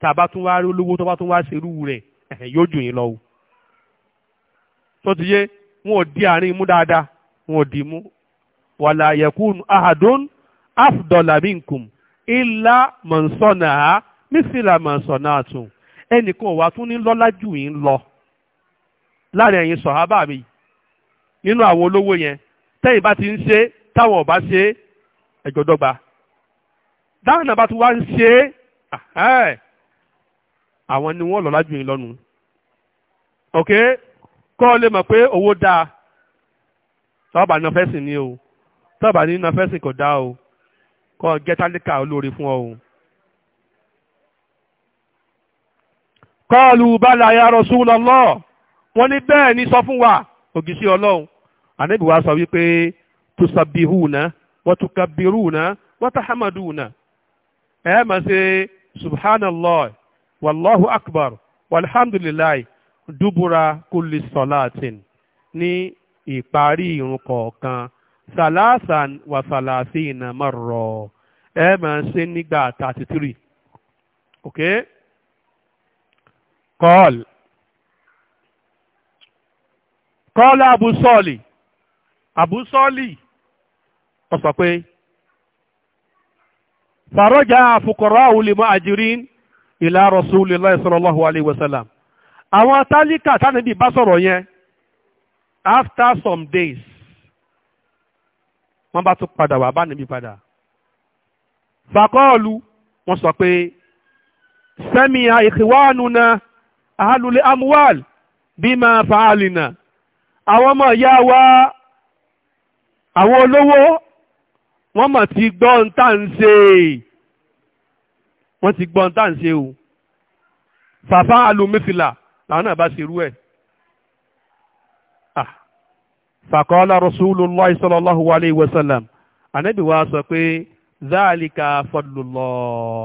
tàbá tún wá rí olówó tó bá tún wá ṣerú rẹ̀ yóò jù yín lọ o tó ti yé wọn ò di àárín mú dáadáa wọn ò di mú wàlà yẹkùn ahadun afdọlà minkum ilà mọ̀nsọ́nà á mísìlà mọ̀nsọ́nà àtún ẹnìkan wà tún ní lọ́lá jù yín lọ láàrin ẹ̀yin sọ̀hábà mi nínú àwọn olówó yẹn tẹ́yìn bá ti ń ṣe táwọn ọba ṣe ẹ̀jọ̀dọ́gba dáhùn náà bá tún wá ń ṣe é àwọn ni wọ́n lọ́lá jù yín lọ́nu ok kọ́ ọ lè mọ̀ pé owó dáa tọ́ọ̀bà náà fẹ́sìn ni o tọ́ọ̀bà ní náà fẹ́sìn kò dáa o kọ́ ọ jẹ́ tálíkà olóore fún ọ o. kọ́ọ̀lù bala ya Rasulullah wọ́n ní bẹ́ẹ̀ ni sọ fún wa ògìsí ọlọ́run ànábì wa sọ wípé tusabbihuna wa tukabbiruna wa tahamaduna ẹ máa ṣe subhanallah wàláhu akbar walhamdulilayi dúbúra kulli sọláàtìn ní ìparí irun kọ̀ọ̀kan salasan wa salasina marra ẹ máa ṣe nígbà thirty three ok kọ́ọ̀l kọ́ọ̀lá abusọ́ọ̀lì abusọ́ọ̀lì ó sọ pé àwùlẹ̀ mọ́ àjírín ìlà Rasulillah sallallahu alayhi wa sallam àwọn tálíkà tánàbí bá sọ̀rọ̀ yẹn after some days wọ́n bá tún padà wà bá níbi padà fàkọ́ọ̀lù wọ́n sọ pé sami'a ikhwanuna ahlul amwal bima fa'alina àwọn ọmọ ìyá wa àwọn olówó wọ́n mọ̀ ti gbọ́ ń tà ń ṣe wọ́n ti gbọ́n tá à ń ṣe o fàfá alùmífìlà làwọn náà bá ṣerú ẹ̀. Ah. fàkọ́lá rasulullah sallallahu alayhi wa sallam anabi wa sọ pé zaalika fadlullah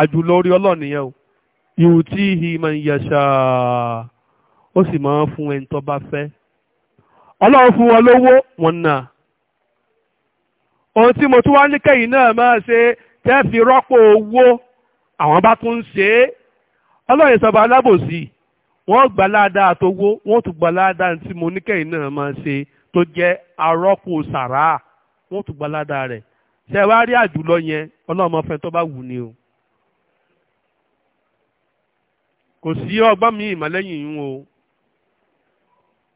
àjùlọ orí ọlọ́ọ̀ni yẹn o yutihi man yasha ó sì máa ń fún ẹni tó bá fẹ́ ọlọ́run fún wọn lówó wọn náà ohun tí mo tún wá ní kẹ́yìn náà máa ṣe tẹ́ fi rọ́pò owó àwọn bá tún ń ṣe é ọlọ́run ìsọba alábòsí wọ́n gbà ládàá àtowó wọ́n tún gbà ládàá tí mo ní kẹ́yìn náà máa ṣe tó jẹ́ arọ́pò sàrà wọ́n tún gbà ládàá rẹ̀ ṣe wá rí àjùlọ yẹn ọlọ́run tó bá wù ni o. kò sí ọgbọ́n mi ìmọ̀lẹ́yìn yín o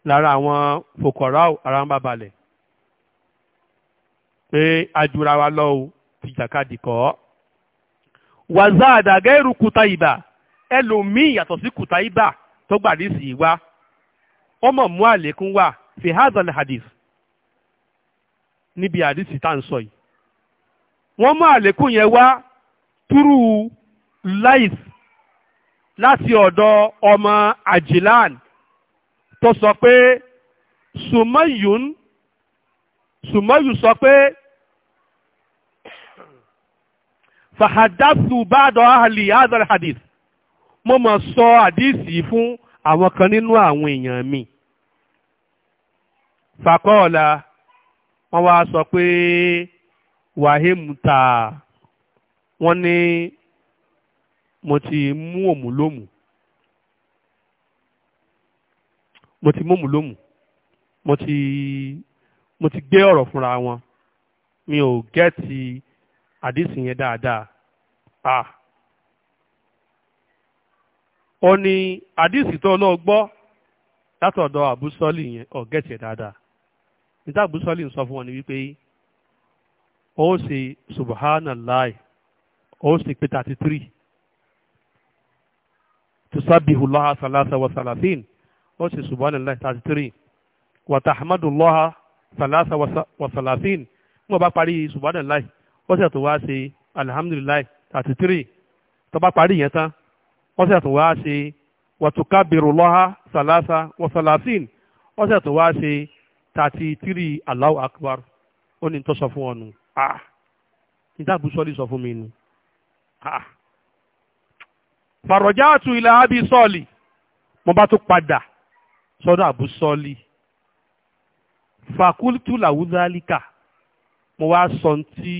lára àwọn fòkọ̀rá ara ń bá balẹ̀ pé àjùra wa lọ o ti jàkadì kọ́. wàzà àdàgẹ́rù Kutaiba ẹlòmíì yàtọ̀ sí Kutaiba tó gbàdí sí i wá ọmọ mú àlékún wá fi hazal hadith níbi àdìsí tá à ń sọ yìí wọ́n mú àlékún yẹn wá túrú Laith láti ọ̀dọ̀ ọmọ Ajilan tó sọ pé Sumayun Sumayu sọ pé fàhádásù báàdọ̀ ahàlì àádọ́rẹ̀ hadith mo mọ̀ sọ àdíìsì fún àwọn kan nínú àwọn èèyàn mi fàkọ́ọ̀lá wọ́n wá sọ pé wàhímùtà wọ́n ní mo ti mú òmùlómù mo ti mú òmùlómù mo ti mo ti gbé ọ̀rọ̀ fúnra wọn mi ò gẹ́ẹ̀tì àdìsí yẹn dáadáa a ah. ó ní àdìsí tó lọ gbọ́ látọ̀dọ̀ àbúsọ́lì yẹn ọ̀gẹ́tì ẹ̀ dáadáa níta àbúsọ́lì ń sọ fún wọn ni wípé ó ṣe subhanallah ó ṣe pé thirty three tusabihu laha salasa wa salasin ó ṣe subhanallah thirty three wa tahmadu laha salasa wa salasin ń bá parí subhanallah ọ̀sẹ̀ tó wá ṣe alihamudulilayi thirty three tó bá parí yẹn tán ọ̀sẹ̀ tó wá ṣe wàtúkàbìrù lọ́ha sàlásà wàsàlásìn ọ̀sẹ̀ tó wá ṣe thirty three Allahu akbar ó ní tó sọ fún ọ ah níta bùsọ́lì sọ fún mi nù ah fàrọ̀jáàtù ilẹ̀ abi sọ́ọ̀lì mo bá tó padà sọ́dọ̀ àbú sọ́ọ̀lì fàkúlùtù làwùzálíkà mo wá sọ tí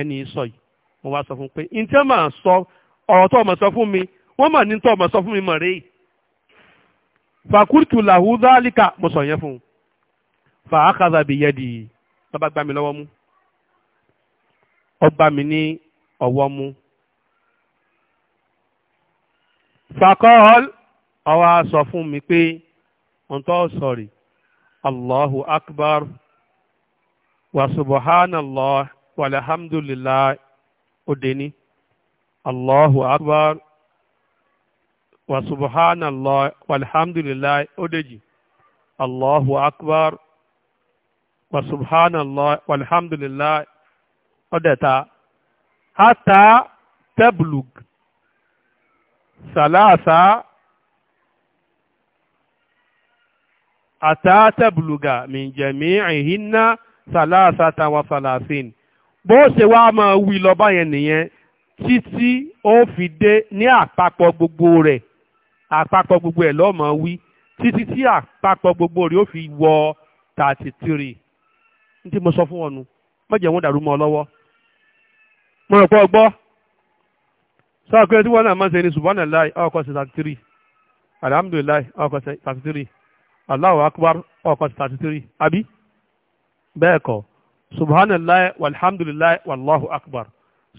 ẹni sọ yìí mo wá sọ fún pé ǹjẹ́ màá sọ ọ̀rọ̀ tó ọmọ sọ fún mi wọ́n mà ní tó ọmọ sọ fún mi mọ̀ rèé fàkúrìtù làwù dálíkà mo sọ yẹn fún un fàákàzà bìyẹ́dì bàbá gbá mi lọ́wọ́ mú ọgbà mi ní ọwọ́ mú fàkọ́ọ́l ọwọ́ a sọ fún mi pé ǹtọ́ sọ̀rì allahu akbar wa subhanallah walhamdulillah odeni allahu akbar wa subhanallah walhamdulillah odeji allahu akbar wa subhanallah walhamdulillah odeta hatta tablug salasa hatta tabluga min jami'ihinna salasata wa salasin bó ṣe wá máa wí lọ́ba yẹn nìyẹn títí ó fi dé ní àpapọ̀ gbogbo rẹ̀ àpapọ̀ gbogbo ẹ̀ lọ́mọ wí títí tí àpapọ̀ gbogbo rẹ̀ ó fi wọ thirty three ní tí mo sọ fún ọnu mọ̀jẹ̀ wọn dàrú mọ́ ọ lọ́wọ́ mo rò pé ọ gbọ́ sọ́ọ̀ pé tí wọn náà máa ń ṣe ní subhanallah ọkọ̀ sí thirty three alhamdulilayi ọkọ̀ sí thirty three Allahu akbar ọkọ̀ sí thirty three àbí bẹ́ẹ̀ kọ́ subhanallah walhamdulillah wallahu akbar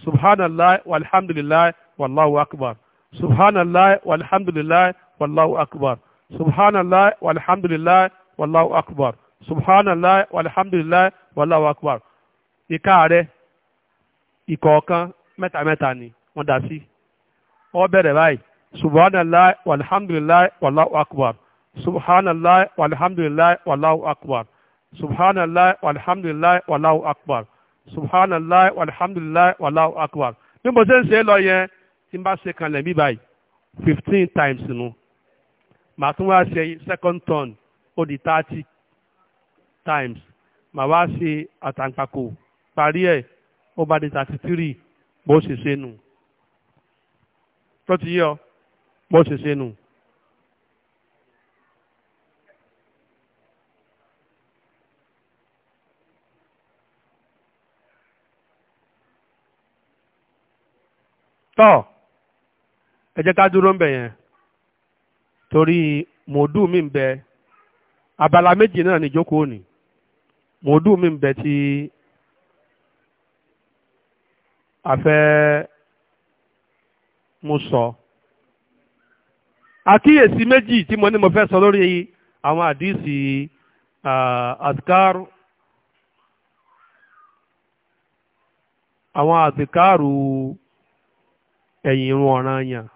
subhanallah walhamdulillah wallahu akbar subhanallah walhamdulillah wallahu akbar subhanallah walhamdulillah wallahu akbar subhanallah walhamdulillah wallahu akbar ìka rẹ ìkọ̀ọ̀kan mẹ́ta mẹ́ta ni wọ́n dá sí ó bẹ̀rẹ̀ báyìí subhanallah walhamdulillah wallahu akbar subhanallah walhamdulillah wallahu akbar subhanallah walhamdulillah wallahu akbar subhanallah walhamdulillah wallahu akbar bí mo ṣe ń ṣe é lọ yẹn tí n bá ṣe kanlẹ̀ mí báyìí fifteen times nu màá tún wá ṣe second turn ó di thirty times màá wá ṣe àtàǹpàkò parí ẹ̀ ó bá di thirty three bó ṣe ṣe nù tó ti yọ bó ṣe ṣe nù. tọ́ ẹ jẹ́ ká dúró ń bẹ̀ yẹn torí mòdù mi ń bẹ abala méjì náà ní ìjókòó ni mòdù mi ń bẹ tí a fẹ́ mú sọ àkíyèsí méjì tí mo ní mo fẹ́ sọ lórí àwọn àdísì àtikáàrù àwọn àtikáàrù. ẹ̀yìn irun ọ̀ràn yàn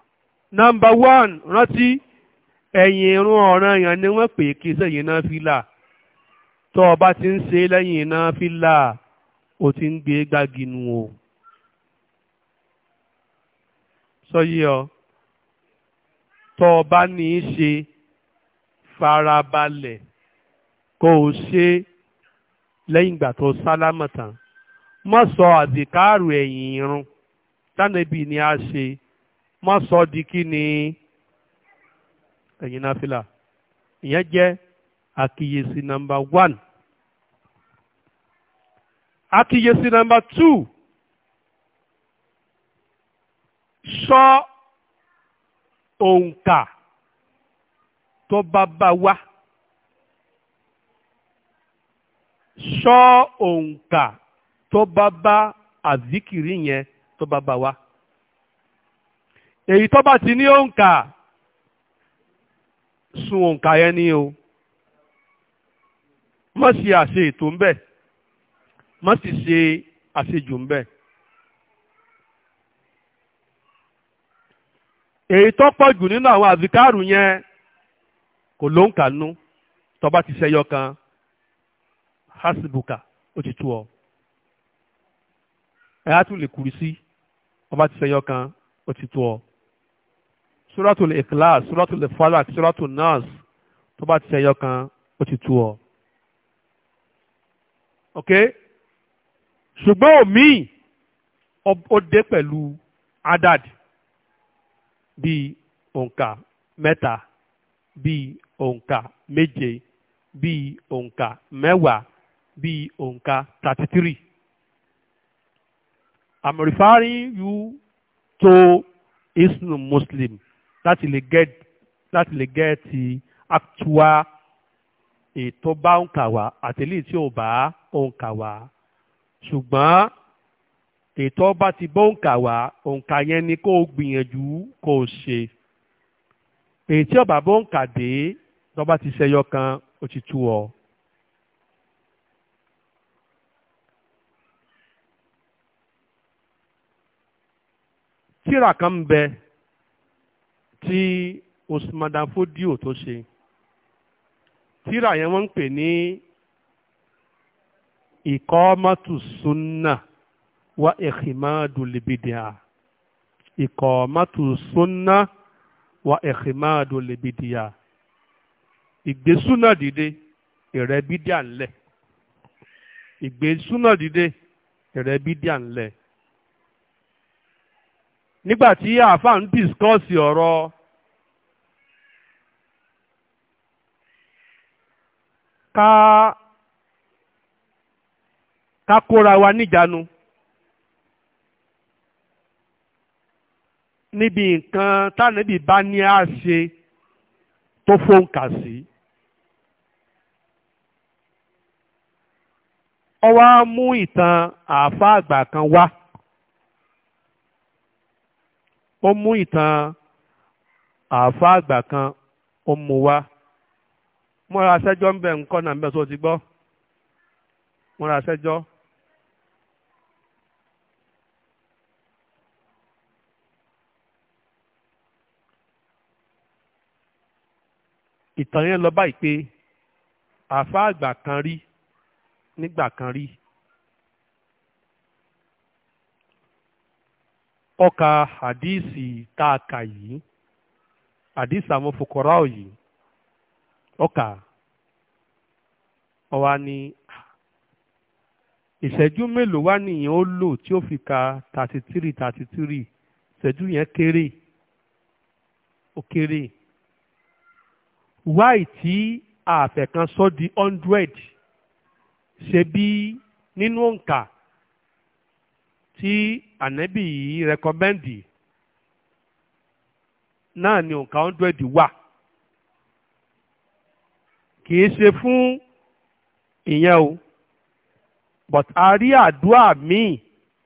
nọ́mbà one rántí ẹ̀yìn irun ọ̀ràn yàn ni wọ́n pè kí sẹ́yìn náà fi là tó o bá ti ń ṣe lẹ́yìn náà fi là o ti ń gbé nu o sọyí ọ tó o bá ní í ṣe farabalẹ̀ kó o ṣe lẹ́yìn ìgbà tó sálámà tán sọ ẹ̀yìn irun. tánàbì ni a ṣe má sọ di kí ni ẹ̀yin náfìlà ìyẹn jẹ́ àkíyèsí nọmba one àkíyèsí nọmba two sọ òǹkà tó bá bá wá. sọ òǹkà tó bá bá àzíkìrí yẹn tó bá bá wa èyí tó bá ti ní òǹkà sun òǹkà yẹn ni o má sì àṣe ètò ń bẹ má sì ṣe àṣejù ń bẹ. èyí tó pọ̀ jù nínú àwọn àzìkárù yẹn kò ló ń kà nú tó bá ti ṣẹyọ kan hasibuka ó ti tú ọ ẹ á tún lè kúrú sí. Si ọba ti sẹyọ kan ó ti tó ọ suratul ikhlas suratul falak suratul nas tó bá ti sẹyọ kan ó ti tó ọ. ok ṣùgbọ́n omi ó dé pẹ̀lú adad bíi òǹkà mẹ́ta bíi òǹkà méje bíi òǹkà mẹ́wàá bíi òǹkà thirty three. I'm referring you to Islam Muslim that lè get láti lè get the actual ètò eh, bá ń kà wá àtẹ̀lé tí ò bá ń kà wá ṣùgbọ́n ètò eh, bá ti bó ń kà wá òǹkà yẹn ni kó gbìyànjú kó ṣe èyí eh, tí ọ̀bà bó ń kà dé lọ́ba ti ṣẹyọ kan ó ti tú ọ. tíra kan ń bẹ tí Usman Dan Fodio tó ṣe tíra yẹn wọ́n ń pè ní ìkọ́mọ́tù súnà wá ìhìmáàdù lìbìdìá ìkọ́mọ́tù súnà wá ìhìmáàdù lìbìdìá ìgbésúnà dìde ìrẹ́bídìá ńlẹ̀ ìgbésúnà dìde ìrẹ́bídìá ńlẹ̀ nígbà tí àáfàá ń dìskọ́sì ọ̀rọ̀ ká ká kóra wa níjàánu níbi nǹkan tánàbì bá ní á ṣe tó fóǹkà sí. ó wá mú ìtàn àáfàá àgbà kan wá ó mú ìtàn àáfà àgbà kan ó mú wá múra sẹ́jọ́ ń bẹ̀ ń kọ́ náà ń bẹ̀ tó ti gbọ́ múra sẹ́jọ́. ìtàn yẹn lọ báyìí pé àáfà àgbà kan rí nígbà kan rí ọkà hadisi tá a kà yìí hadísì àwọn fòkòrá yìí ọkà ọwa ni ìṣẹ́jú mélòó wá nìyẹn ó lò tí ó fi ka thirty three thirty three ìṣẹ́jú yẹn kéré ó kéré wáì tí àfẹ̀kan sọ́ di hundred ṣe bí nínú òǹkà tí ànẹ́bì yìí rẹkọmẹ́ndì náà ni òǹkà hundred wà kì í ṣe fún ìyẹn o but a rí àdúrà míì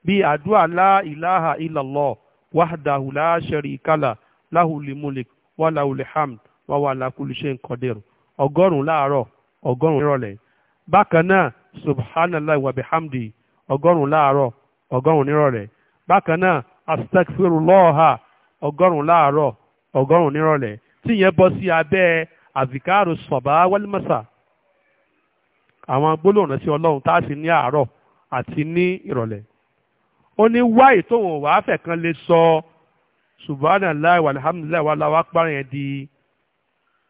bíi àdúrà la ilaha illallah wahdahu la sharika la lahul mulik wa lahul hamd wa huwa ala kulli shay'in qadir ọgọ́rùn-ún láàárọ̀ ọgọ́rùn-ún nírọ̀lẹ́ bákan náà subhanallah wa bihamdi ọgọ́rùn-ún láàárọ̀ ọgọ́rùn-ún nírọ̀lẹ́ bákan náà astaghfirullah ọgọ́rùn-ún láàárọ̀ ọgọ́rùn-ún nírọ̀lẹ́ tí yẹn bọ́ sí abẹ́ azikaru sọ̀bà wálímọ̀sà àwọn gbólóhùn sí ọlọ́run tá a sì ní àárọ̀ àti ní ìrọ̀lẹ́ ó ní wáyé tóun wàá fẹ̀ kan lè sọ subhanallah walhamdulillah wallahu akbar yẹn di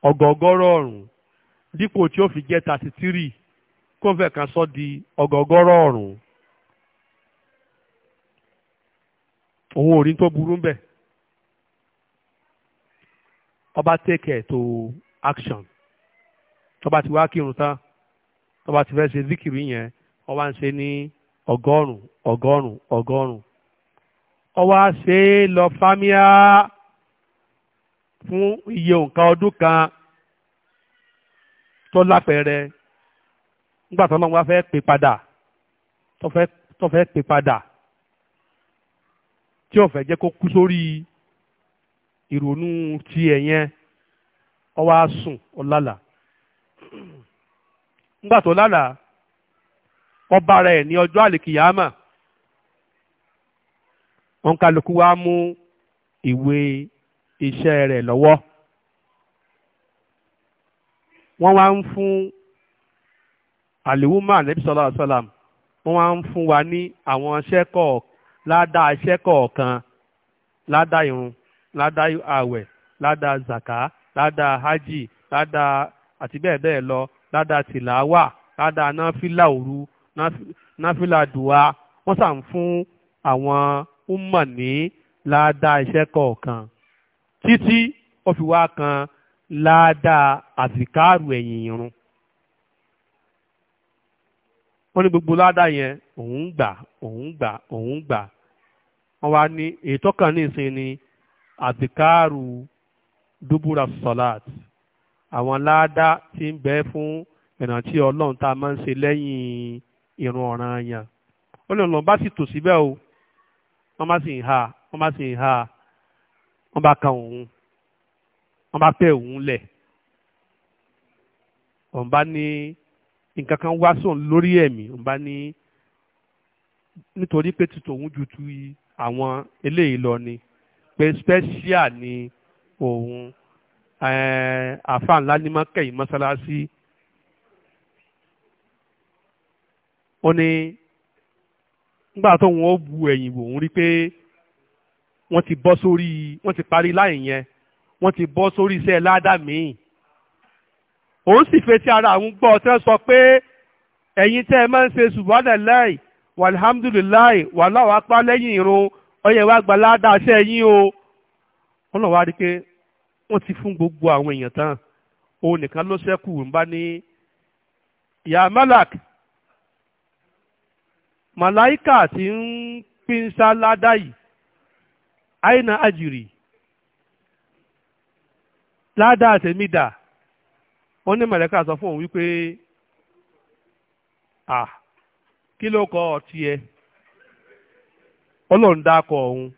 ọgọgọ́rọ̀ ọ̀rùn dípò tí ó fi jẹ́ thirty three kó fẹ̀ kan sọ di ọgọgọ́rọ̀ ọ̀rùn. òun ò rí tó burú ń bẹ̀ ọba take care to action tọba ti wá kírun tán tọba ti fẹ́ ṣe zikiri yẹn wọ́n wá ń ṣe ní ọgọ́rùn-ún ọgọ́rùn-ún ọgọ́rùn-ún ọwọ́ á ṣe é lọ fámíà fún iye òǹkà ọdún kan tó lápẹẹrẹ nígbà tó lọ́wọ́ fẹ́ pè padà tó fẹ́ pè padà tí ò fẹ́ jẹ́ kó kú sórí ìrònú tiẹ̀ yẹn ó wá sùn ó lálàá ńgbà tó lálàá ọba rẹ̀ ní ọjọ́ àlèkìyàmà wọn kálukú wa mú ìwé iṣẹ́ rẹ̀ lọ́wọ́ wọ́n wá ń fún àlèwúmà nẹ́bísọ́lá ọ̀sálàm wọ́n wá ń fún wa ní àwọn iṣẹ́ kọ̀ọ̀kan ládá iṣẹ́ kọ̀ọ̀kan ládá irun ládá àwẹ̀ ládá zaka ládá hajj ládá àti bẹ́ẹ̀ bẹ́ẹ̀ lọ ládá tìláwà ládá náfìlà òru náfìlà dùá wọ́n sàn fún àwọn umma ní ládá iṣẹ́ kọ̀ọ̀kan títí ó fi wá kan ládá àsìkáàrù ẹ̀yìn irun wọ́n ní gbogbo ládà yẹn òun gbà òun gbà òun gbà wọ́n wá ní ètò kan ní ìsìn ni àbíkáàrù dúbúra sọ̀láàt àwọn ládà tí ń bẹ fún ìrántí ọlọ́run tá a máa ń ṣe lẹ́yìn ìrun ọ̀ràn yẹn ó lè lọ́n bá sì tò síbẹ̀ o wọ́n bá sì ń ha wọ́n bá sì ń ha wọ́n bá kan òun wọ́n bá pẹ́ òun lẹ̀ òun bá ní nǹkan kan wá sóun lórí ẹ̀mí ń bá ní nítorí pé ti tòun ju tu àwọn eléyìí lọ ni pé special ni òun àfa ńlá ní mọ́kẹ́yìn mọ́sálásí ó ní nígbà tó wọn ó bu ẹ̀yìn wò ń rí pé wọ́n ti bọ́ sórí wọ́n ti parí láì yẹn wọ́n ti bọ́ sórí iṣẹ́ ládàá míì òun sì fetí ara àwọn gbọ́ tí sọ pé ẹ̀yin tẹ́ ẹ máa ń ṣe subhanallahi walhamdulillahi wallahu akbar lẹ́yìn irun ọyẹ wa gba ládàá ṣẹ́ yín o wọ́n lọ wá rí pé wọ́n ti fún gbogbo àwọn èèyàn tán òun nìkan ló ṣẹ́kù ń bá ní ìyá malak màláìkà tí ń pínṣá ládàá yìí aina àjìrì ládàá tèmi dà. onye ní mẹ̀lẹ́kà sọ fún òun wípé à kí ló kọ ọtí ẹ ọlọ́run dákọ̀ ọ̀hún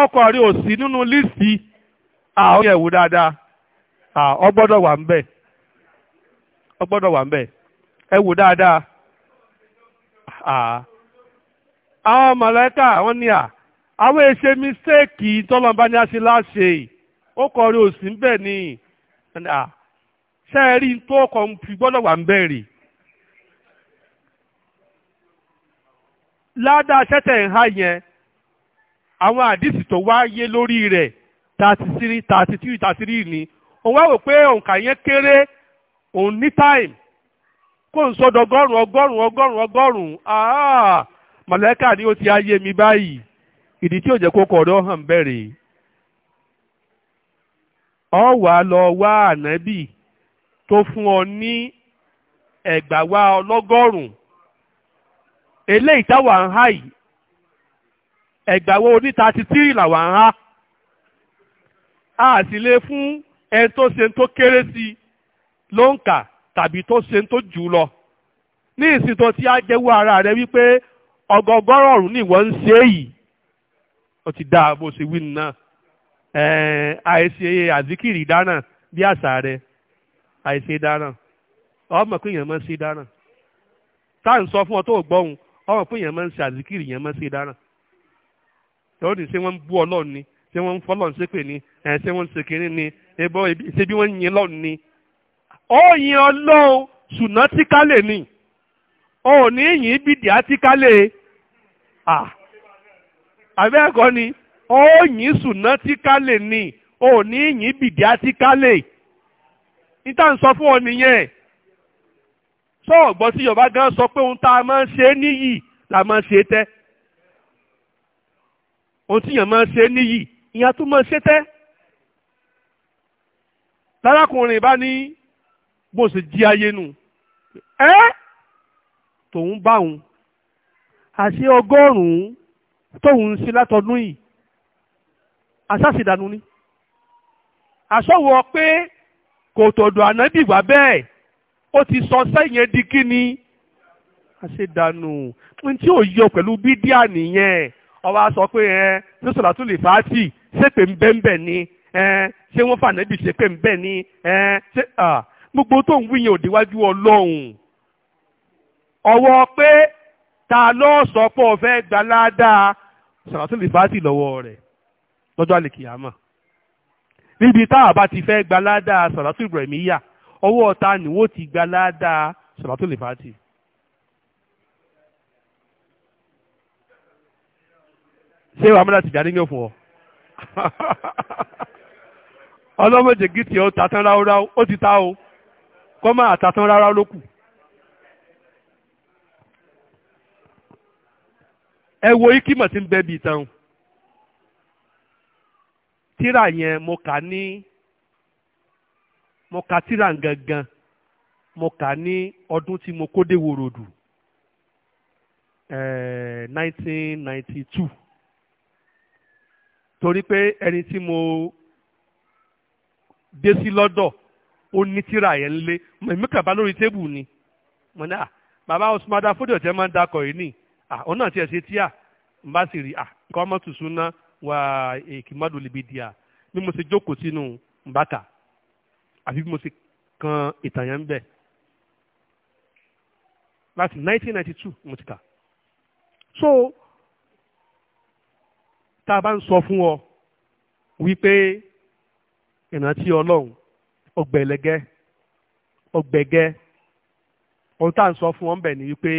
ọkọ̀ rí nínú líìsì àwọn yẹ̀wò dáadáa ọ gbọ́dọ̀ wà ń bẹ̀ ọ gbọ́dọ̀ wà ń bẹ̀ ẹ wò dáadáa àwọn mọ̀lẹ́kà wọ́n ní à àwọn èṣe mistéèkì tọ́lọ́mbá ni a ṣe láṣe ni à. sẹ́ẹ̀rí tó kọ̀ ń fi gbọ́dọ̀ wà ń bẹ̀rẹ̀ ládàá sẹ́tẹ̀ ń há yẹn àwọn àdìsí tó wáyé lórí rẹ̀ thirty three thirty ni òun wá wò pé òǹkà yẹn kéré òun ní time kó n sọdọ ọgọ́rùn ọgọ́rùn ọgọ́rùn ọgọ́rùn ah mọlẹka ni ó ti ayé mi báyìí ìdí tí ò jẹ́ kó kọrọ hàn bẹ̀rẹ̀ ọ wà lọ wá ànábì tó fún ọ ní ẹgbàáwá ọlọ́gọ́rùn-ún eléyìí táwa ń há yìí a sì lè fún ẹni tó ṣe tó kéré sí ló ń kà tàbí tó ṣe tó jù lọ ní ti jẹ́wọ́ ara rẹ wípé ọgọgọrọrùn ni ìwọ ń ṣe yìí ó ti dáa bó ṣe wí nìyẹn àìṣe àzíkìrì dáná bí àṣà rẹ. àìsè dáràn ọmọ pé èèyàn máa ń ṣe dáràn tá à ń sọ fún ọ tó gbọ́hùn ọmọ pé èèyàn máa ń ṣe àzíkìrì èèyàn máa ń ṣe dáràn lọ́wọ́ ní ṣé wọ́n ń bú ọlọ́run ni ṣé wọ́n ń fọlọ́run ṣépè ni ẹ̀ ṣé wọ́n ń ṣe kínní ni ṣé bí wọ́n ń yin lọ́run ni ó yin ọlọ́run ṣùnà tí kálẹ̀ ni ó ní yìn bìdì àti kálẹ̀ à àbẹ́ẹ̀kọ́ ni ó yìn ṣùnà tí kálẹ̀ ni ó ní yìn bìdì àti kálẹ̀ níta ń sọ fún ọ nìyẹn sọ̀rọ̀ gbọ́ sí Yorùbá gan sọ pé ohun tá a máa ń ṣe níyì la máa ń ṣe tẹ́ ohun tí yàn máa ń ṣe níyì ìyàn tún máa ń ṣe tẹ́ lárákùnrin bá ní bó ṣe jí ayé nù ẹ́ tòun bá òun àṣé ọgọ́rùn-ún tóun ń ṣe látọdún yìí àṣàṣìdànù ni àṣọwọ́ pé kò tọ̀dọ̀ ànábì wá bẹ́ẹ̀ ó ti sọ sẹ́yìn di kí ni àṣedànù ohun tí ò yọ pẹ̀lú bídíà nìyẹn ọba sọ pé ẹ ní sọ̀làtún lè fàátì ṣépè ń bẹ́ẹ̀ ni ṣé wọ́n fànábì ṣépè ń bẹ́ẹ̀ ni ṣé gbogbo tó ń wíyẹn òdiwájú ọlọ́run ọwọ́ pé ta ló sọ pé ó fẹ́ gbaládàá sọ̀làtún lè fàátì lọ́wọ́ rẹ̀ lọ́jọ́ àlèkìyàmọ̀. níbi tá bá ti fẹ́ gba ládàá sàlátù ìbùrẹ̀míyà ọwọ́ ọ̀tá ni wọ́n ti gba ládàá sàlátù lèfàtì. ṣé wàá múlá tìjà nígbà fún ọ ọlọ́mọdé gíìtì ọ tàtán ráúráú ó ti ta o kọ́ máa tàtán ráúráú ló kù. ẹ wo ikímọ̀ tí ń bẹ́ bíi tán o. tíra yẹn mo kà ní mo kà tíra gangan mo kà ní ọdún tí mo kó dé wòròdù eh, nineteen ninety two torí pé ẹni tí mo dé sí lọ́dọ̀ ó ní tíra yẹn lé èmi kàn bá lórí tébù ni mo ní à bàbá Osmada Fodio tẹ́ máa ń dakọ̀ yìí nì à òun náà tiẹ̀ ṣe tíà n bá sì rí à nǹkan ọmọ wà èkìmọ́dù libidia bí mo ṣe jókòó sínú mbàkà àfi bí mo ṣe kan ìtàn ń bẹ̀ láti 1992 mo ti kà so tá a bá ń sọ fún ọ wípé ìrántí ọlọ́run ọgbẹ̀lẹ́gẹ́ ọgbẹ̀gẹ́ ohun tá à ń sọ fún ọ ń bẹ̀ ni wípé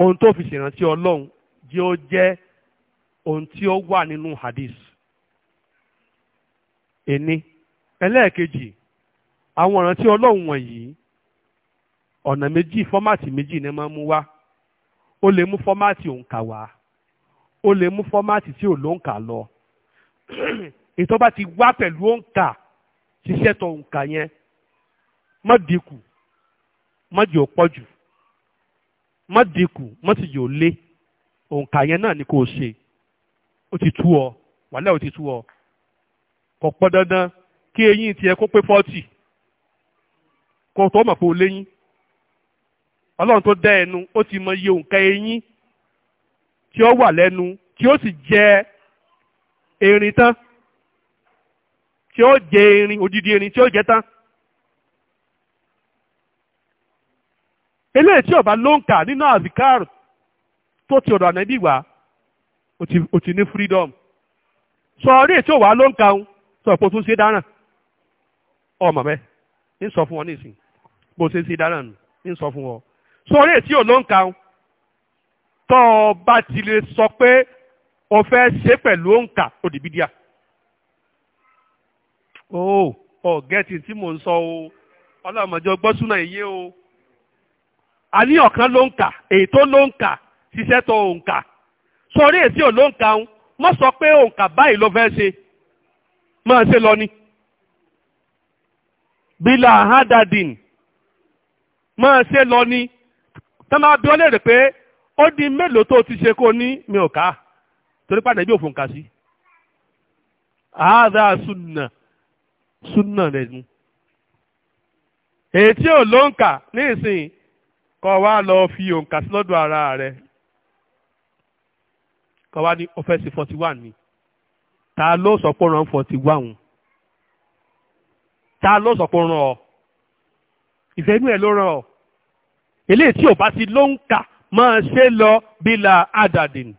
ohun tó fi ṣèrántí ọlọ́run jẹ́ ó jẹ́ ohun tí ó wà nínú hadith ẹni ẹlẹ́ẹ̀kejì àwọn ọ̀ràn tí ọlọ́run wọ̀nyí ọ̀nà méjì fọ́mátì méjì ni máa mú wá ó lè mú fọ́mátì òǹkà wá ó lè mú fọ́mátì tí ò lóǹkà lọ ètò bá ti wá pẹ̀lú òǹkà ṣiṣẹ́ tó òǹkà yẹn má dínkù má jò pọ̀ jù má dínkù lé òǹkà yẹn náà ni kò ṣe ó ti tú ọ wàhálà ó ti tú ọ kò pọn dandan kí eyín tiẹ̀ kó pé fọ́ọ̀tì kó tó mọ̀ pé o léyín ọlọ́run tó dá ẹnu ó ti mọ iye òǹkà eyín tí ó wà lẹ́nu tí ó sì jẹ erin tán tí ó jẹ erin odidi erin tí ó jẹ tán. eléyìí tí ó ló ń kà nínú àzìkáàrù tó ti ọ̀dọ̀ ànábì wá o ti ní freedom sọ orí ètò wà ló ń ka ń sọ pé o tún ṣe dáràn ọmọ bẹ ń sọ fún ọ nísìn bó ṣe ń ṣe dáràn ń sọ fún ọ sọ orí ètò ló ń ka ń tọ́ ọ bá ti lè sọ pé o fẹ́ ṣe pẹ̀lú òǹkà òdìbídíà o ò gẹ́tì tí mò ń sọ o ọlọ́mọdé ọgbọ́n súná ìyé o àníyàn kan ló ń kà èyí tó ló ń kà ṣiṣẹ́ tó òǹkà torí èsì ò ló ń ka ń mọ́ sọ pé òǹkà báyìí ló fẹ́ ṣe máa ṣe lọ ni. bílà hadadin máa ṣe lọ ni tá máa bí wọ́n lè rè pé ó di mélòó tó ti ṣe kó ní mi ò ká torí pàdé bí òfin kà sí. àádá sunna sunna lẹ́nu. èyí tí ò ló ń kà ní ìsìn kọ́ wa lọ fi òǹkà sí lọ́dọ̀ ara rẹ̀ kọ́wá ní ó fẹ́ sí forty one ni ta ló sọ pé ó ràn forty one ta ló sọ pé ràn ọ́ ìfẹ́ inú ẹ̀ ló ràn ọ́ eléyìí tí ò bá ti ló ń kà máa ṣe lọ bílà adadin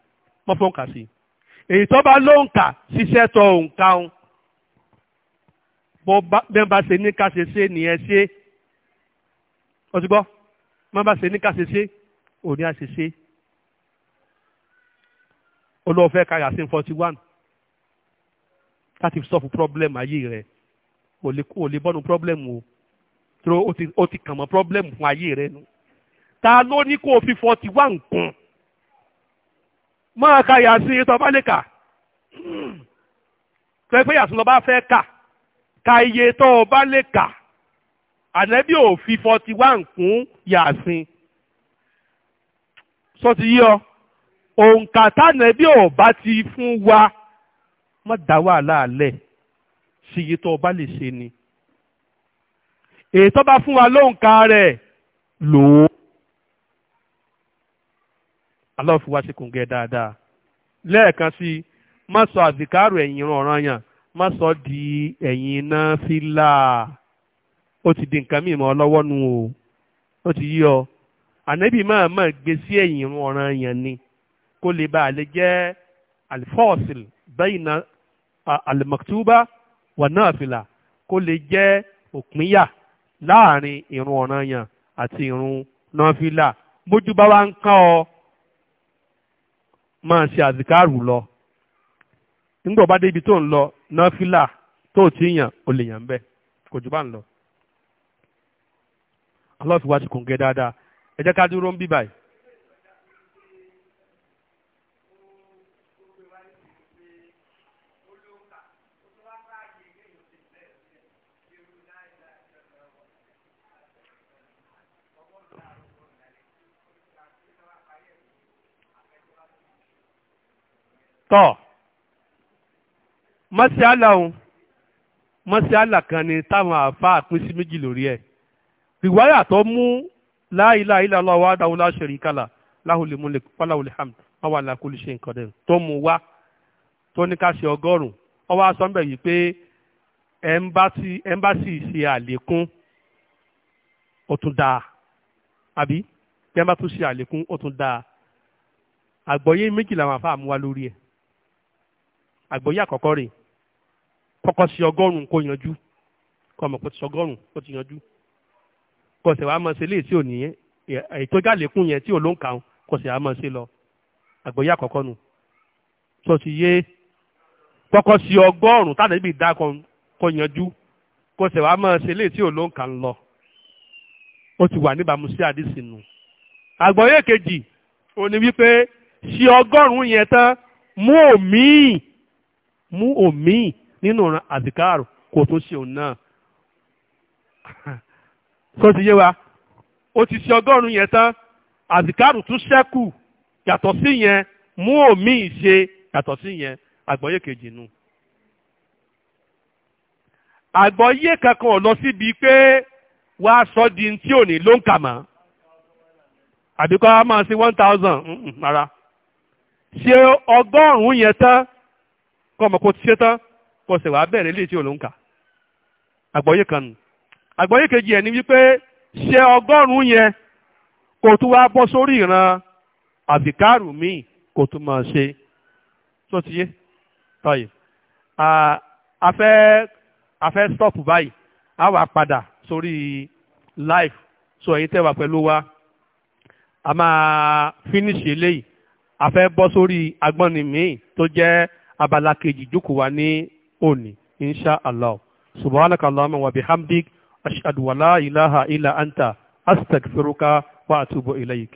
mọ́ fún kà sí èyí tó bá ló ń kà ṣiṣẹ́ tó ń ka ń bẹ́ẹ̀ bá ṣe ní ká ṣe ṣe nìyẹn ṣe ọtí gbọ́ bá ṣe ní ká ṣe ṣe òní àṣeṣe olóò fẹ́ ka Yasin forty one láti sọ́ọ̀fù problem ayé rẹ̀ ò lè bọ́nu problem o tó o ti kàn mọ́ problem fún ayé rẹ̀ nu ta ló ní kó o fi forty one kún máa ka Yasin tó bá lè kà hmm. pé pé Yasin ló fẹ́ kà ka iye tó o bá lè kà ànẹ́bí ò fi forty one kún Yasin sọ ti yí ọ òǹkà tánàbí ò bá ti fún wa má dá wàhálà alẹ̀ sí iye tó o bá lè ṣe ni èyí tó bá fún wa lóǹkà rẹ̀ lò ó. Allah fi wá sí kùngẹ́ dáadáa lẹ́ẹ̀kan sí má sọ àzìkárò ẹ̀yìn ọ̀ràn yàn má sọ di ẹ̀yìn iná fílà ó ti di nǹkan mìíràn ọlọ́wọ́ nu o ó ti yí ọ ànábì máa máa gbé sí ẹ̀yìn ọ̀ràn yàn ni kó lè bá a lè jẹ́ alifọ́ọ̀sìl bẹ́yìnà alimaktuba wà náfìlà kó lè jẹ́ òpínyà láàrin ìrun ọ̀ranyàn àti ìrun náfìlà mójú bá wá ń kán ọ máa ṣe àzìkárù lọ nígbà bá débi tó ń lọ náfìlà tó ti yàn ó lè yàn bẹ́ẹ̀ kò jù bá ń lọ. Allah wá ti kòǹgẹ́ dáadáa ẹ jẹ́ ká dúró ń bí báyìí. tọ́ mọ́síálà òun mọ́síálà kan ni táwọn àáfàá pín sí méjì lórí ẹ̀ rìwáyà tó mú láìláìlá lọ́wọ́ adáwọlá ṣèríkàlà láhùlẹ̀múlẹ̀ pálàwùlẹ̀ ham wọ́n wà lákòlù ṣe nǹkan dẹ̀rùn tó mú wá tó ní ká ṣe ọgọ́rùn-ún wọ́n wá sọ́ńbẹ̀ yìí pé ẹ̀ńbásì ṣe àlékún ó tún dáa àbí bí ṣe àlékún ó tún dáa àgbọ̀yé méjì làwọn àfa àmúwá lórí ẹ̀ àgbọ́yé àkọ́kọ́ rẹ̀ kọ́kọ́ sí ọgọ́rùn-ún kó yanjú kọ́ ọmọ kó ti sọgọ́rùn-ún kó ti yanjú kọ́ ọ̀sẹ̀ wàá mọ̀ sí eléyìí tí ò ní èyí tó jàlékún yẹn tí ò ló ń kà ń wàá mọ̀ sí lọ àgbọ́yé àkọ́kọ́ nu tó ti yé kọ́kọ́ sí ọgọ́rùn-ún tàbí ibi ìdá kan kó yanjú kọ́ ọ̀sẹ̀ wàá mọ̀ sí eléyìí tí ò ló ń kà lọ ó ti wà níbàámu sí àdìsí nu àgbọ́yé kejì òní wípé ṣe ọgọ́rùn-ún yẹn tán mú òmíì mú òmíì nínú ọ̀ràn àdìkáàrò kò tún ṣe òun náà Sọ ti yé wa O ti ṣe ọgọ́rùn-ún yẹn tán àdìkáàrò tún ṣẹ́kù yàtọ̀ sí yẹn mú òmíì ṣe yàtọ̀ sí yẹn Àgbọ̀yé kejì nù. Àgbọ̀yé kankan ò lọ síbi pé wá sọ di tí òní ní ló ń kà mọ́ àbíkọ́ a máa ṣe one thousand rárá ṣe ọgọ́rùn-ún yẹn tán. kọ́ ọmọ kó ti ṣe tán kó o sì wá bẹ̀rẹ̀ ilé tí ò ló ń kà àgbọ̀yé kan nù àgbọ̀yé kejì ẹ̀ ni wípé ṣe ọgọ́rùn-ún yẹn kò tún wá bọ́ sórí ìran àbíkárù míì kò tún máa ṣe tó ti yé tọ́yì afẹ́ stop báyìí á wà padà sórí live so ẹ̀yin tẹ́ pẹ̀lú wa a máa finish eléyìí afẹ́ bọ́ sórí agbọ́nni míì tó jẹ́ abala kejì jókòó wa ní òní insha allah subhanaka allahumma wa bihamdik ashhadu wa la ilaha illa anta astaghfiruka wa atubu ilayk.